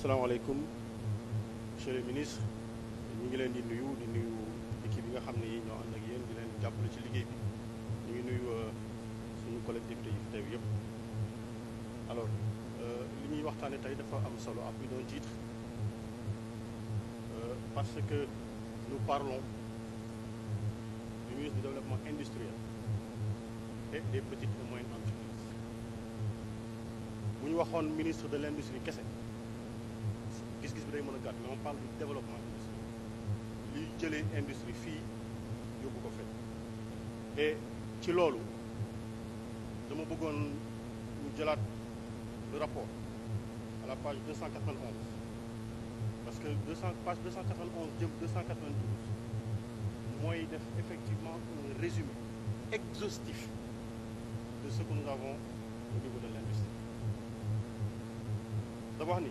salaamaaleykum monsieur le ministre ñu ngi leen di nuyu di nuyu équipe yi nga xam ne ñoo ànd ak yéen di leen jàppale ci liggéey bi ñu ngi nuyu euh, suñu collègue député yi fi teew yëpp alors euh, li ñuy waxtaane tey dafa am solo ak d'un titre euh, parce que nous parlons du ministre du développement industriel et des petites et moyennes entreprises ñu waxoon ministre de l'industrie kese gis-gis day mën a gàtt mais on parle du développement industriel liy jëlee industrie fii yóbbu ko fekk et ci loolu dama bëggoon ñu jëlaat le rapport à la page parce que 200 page 291 jëm mooy def effectivement un résumé exhaustif de ce que nous avons au niveau de wax ni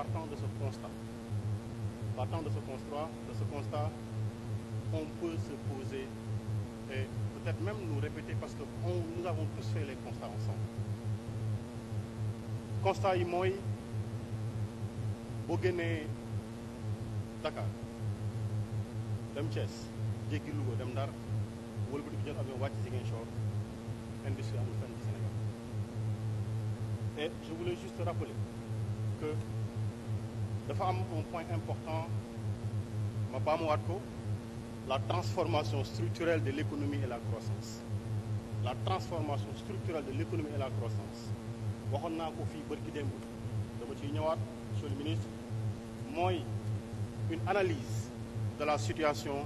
partant de ce constat, partant de ce constat, de ce constat, on peut se poser et peut-être même nous répéter parce que on, nous avons tous fait les constats ensemble. constat yi mooy boo génnee Dakar dem Thiès jéggi Louga dem Ndar wëlbati bi jël avion wàcc Ziguinchor industrie amul fenn ci Sénégal et je juste rappeler que dafa am un point important ma baamuwaat ko la transformation structurelle de l'économie et la croissance la transformation structurelle de l'économie et la croissance waxoon naa ko fii bërki démb dama ciy ñëwaat monsieur le ministre mooy une analyse de la situation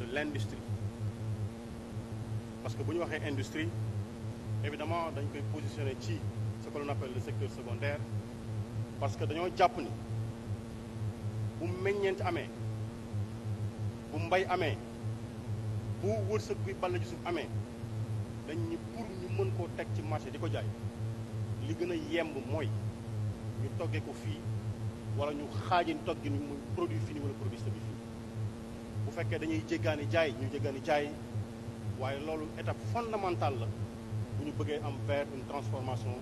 de l'industrie parce que bu ñu waxee industrie évidemment dañ koy positionner ci ce que l'on appelle le secteur secondaire parce que dañoo jàpp ni bu meññeent amee bu mbay amee bu wërsëg bi balla ji amee dañ ñu ñu mën koo teg ci marché di ko jaay li gën a yemb mooy ñu toggee ko fii wala ñu xaajin toggi ni muy produit fini wala produit semi fini bu fekkee dañuy jéggaani jaay ñu jéggaani jaay waaye loolu étape fondamentale la bu ñu bëggee am vers une transformation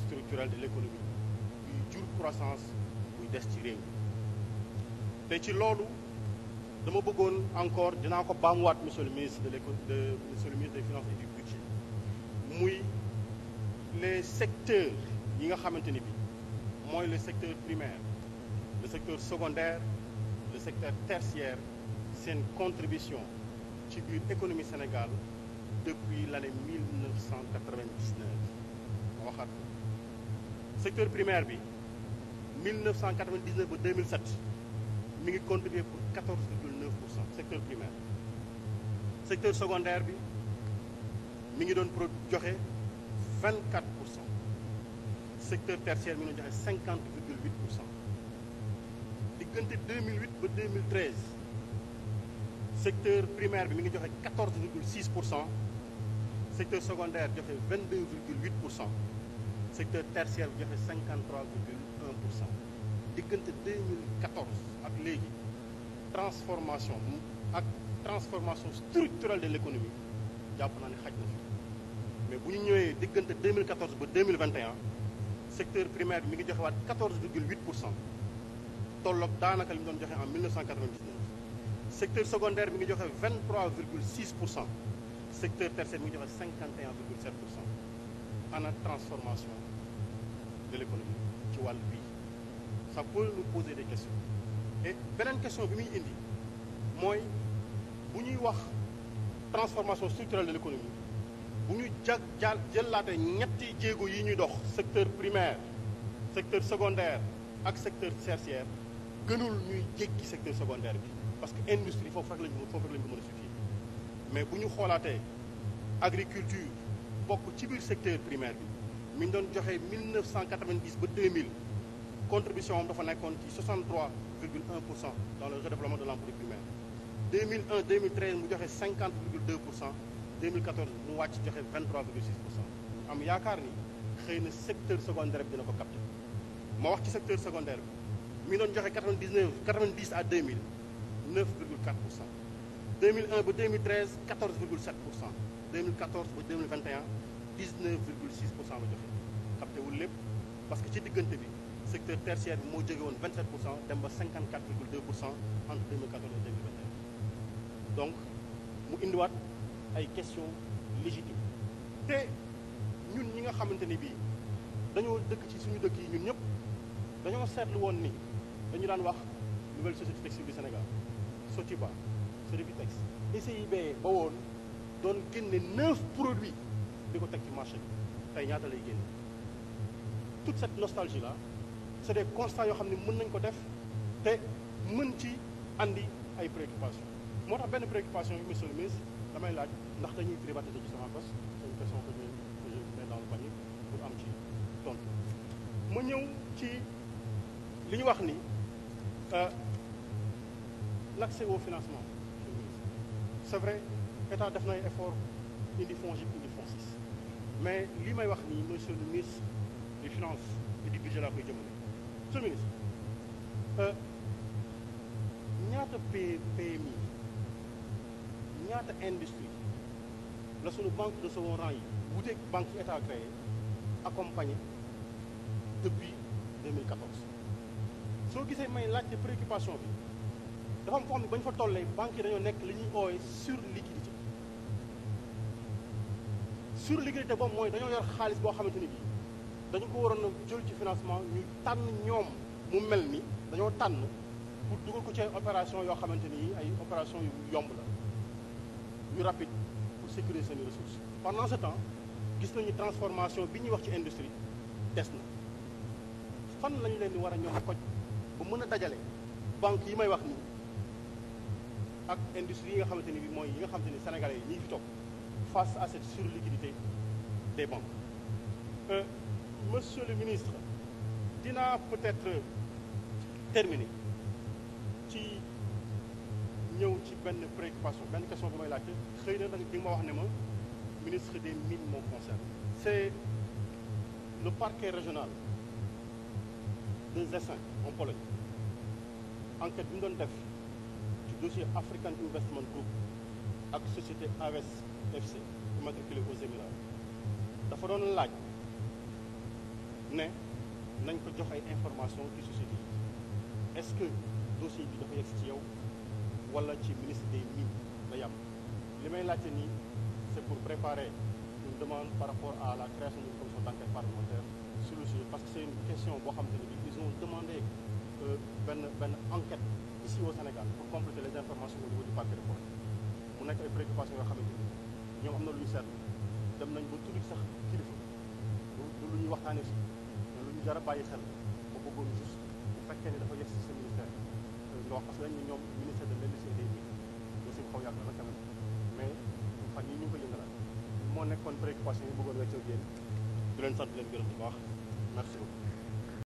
structurelle de l'économie buy jur croissance buy des ci réew te ci loolu dama bëggoon encore dinaa ko baamuwaat monsieur le ministre de l'éco de monsieur le ministre des finances et du muy les secteurs yi nga xamante ni bi mooy le secteur primaire le secteur secondaire le secteur tertiaire seen contribution ci biir économie Sénégal depuis l'année 1999 ma waxaat secteur primaire bi 1999 ba 2007 mi ngi contribuer pour 14 virgule 9 pour cent secteur primaire secteur secondaire bi mi ngi doon pro joxe 24 pour cent secteur tertiaire mu ngi doon joxe 50 virgule 8 pour cent diggante 2008 ba 2013 secteur primaire bi mi ngi joxe 14 virgule 6 pour cent secteur secondaire joxe 22 virgule pour cent secteur tertiaire bi joxe 53 virgule 1 pour cent diggante ak léegi transformation ak transformation structurelle de l'économie jàpp naa ne xaj na fi mais bu ñu ñëwee diggante 2014 ba 2021 secteur primaire bi mi ngi joxewaat 14 virgule 8 pour cent tolloog daanaka li mu doon joxe en 1999 secteur secondaire bi ngi joxe 23 virgule 6 pour cent secteur tertiaire mi ngi joxe 51 virgule 7 pour cent ana transformation de l'économie ci wàll bi ça peut nous poser des questions beneen question bi muy indi mooy bu ñuy wax transformation structurelle de l'économie bu ñu jag jal jëllaate ñetti jéego yi ñuy dox secteur primaire secteur secondaire ak secteur tertiaire gënul ñuy jéggi secteur secondaire bi parce que industrie foofu rek lañ ko foofu rek lañ ko mën mais bu ñu xoolaatee agriculture bokk ci biir secteur primaire bi mi ngi doon joxe 1990 ba 2000 contribution dafa nekkoon ci 63 4,1% dans le redéploiement de l'emploi primaire 2001 2013 mu joxe mu wàcc joxe am yaakaar ni xëy na secteur secondaire bi dina ko capté ma wax ci secteur secondaire bi mi doon joxe 99 90 à 2000 9,4% 2001 ba ba joxe capté lépp parce que ci diggante bi. secteur tertiaire bi moo jóge woon 27 pour dem ba 54 virgule 2 pour cent entre donc mu indiwaat ay questions légitimes te ñun ñi nga xamante ni bii dañoo dëkk ci suñu dëkk yi ñun ñëpp dañoo seetlu woon ni dañu daan wax nouvelle société textile du Sénégal Sotiba Sodefitex SIB ba woon doon génne neuf produits di ko teg ci marché bi tey ñaata lay génne toute cette nostalgie là c'est des constat yoo xam ne mën nañ ko def te mën ci andi ay préoccupations moo tax benn préoccupation yi monsieur le ministre damay laaj ndax dañuy privatiser ci sama bos c'est une question que je que je mets dans le am ci tontu ma ñëw ci li ñu wax ni euh, l'accès au financement monsieur le ministre c'est vrai état def na ay effort indi fonds yi indi fonds mais li may wax nii monsieur le des finances et du budget laa koy jëmale monsieur le ministre euh, ñaata PMI ñaata la suñu banque de second yi wuteeg banque yi état créé accompagné depuis 2014 soo gisee may laajte préoccupation bi dafa am foo xam ne ba ñu fa tollee banques yi dañoo nekk li ñuy ooyee sur liquidité sur liquidité boobu mooy dañoo yor xaalis boo xamante ni bii dañu ko waroon a jël ci financement ñu tànn ñoom mu mel ni dañoo tànn pour dugal ko ci ay opération yoo xamante ni ay opération yu yomb la ñu rapide pour sécuriser seen ressources pendant ce temps gis nañu transformation bi ñuy wax ci industrie des na fan lañu leen di war a ñoom koj ba mën a dajale banque yi may wax nii ak industrie yi nga xamante ni bi mooy yi nga xamante ni sénégalais yi ñi fi toog face à cette surliquidité des banques euh, monsieur le ministre dinaa peut-être terminer ci ñëw ci benn préoccupation benn question bu may laajte xëy na nag di ma wax ne ma ministre des mines moo concerne c'est le parquet régional des essaims en Pologne enquête bi mu doon def ci dossier African Investment Group ak société AVS e FC immatriculée aux Émirats dafa doon laaj ne nañ ko jox ay information ci société yi est-ce que dossier bi dafa yegg ci yow wala ci ministre des mines la yàpp li may laajte nii c'est pour préparer une demande par rapport à la création d'une commission d'enquête parlementaire sur parce que seen une question boo xam te ne bi ils ont demandé euh, benn benn enquête ici au Sénégal pour compléter les informations au du parquet de Podor mu nekk ay préoccupations yoo xamante ni ñoom am na lu ñu dem nañ ba tudd lu ñuy waxtaanee fii jar a bàyyi xel ba bëggoon juste bu fekkee ne dafa yegg si sa ministère nga wax parce que dañu ñoom ministère de l'industrie et des mines loolu si xaw yàgg na quand même mais fan ñu ngi ko yëngalaat moo nekkoon préoccupation yi bëggoon wéccoog yéen di leen sant leen gërëm bu baax merci beaucoup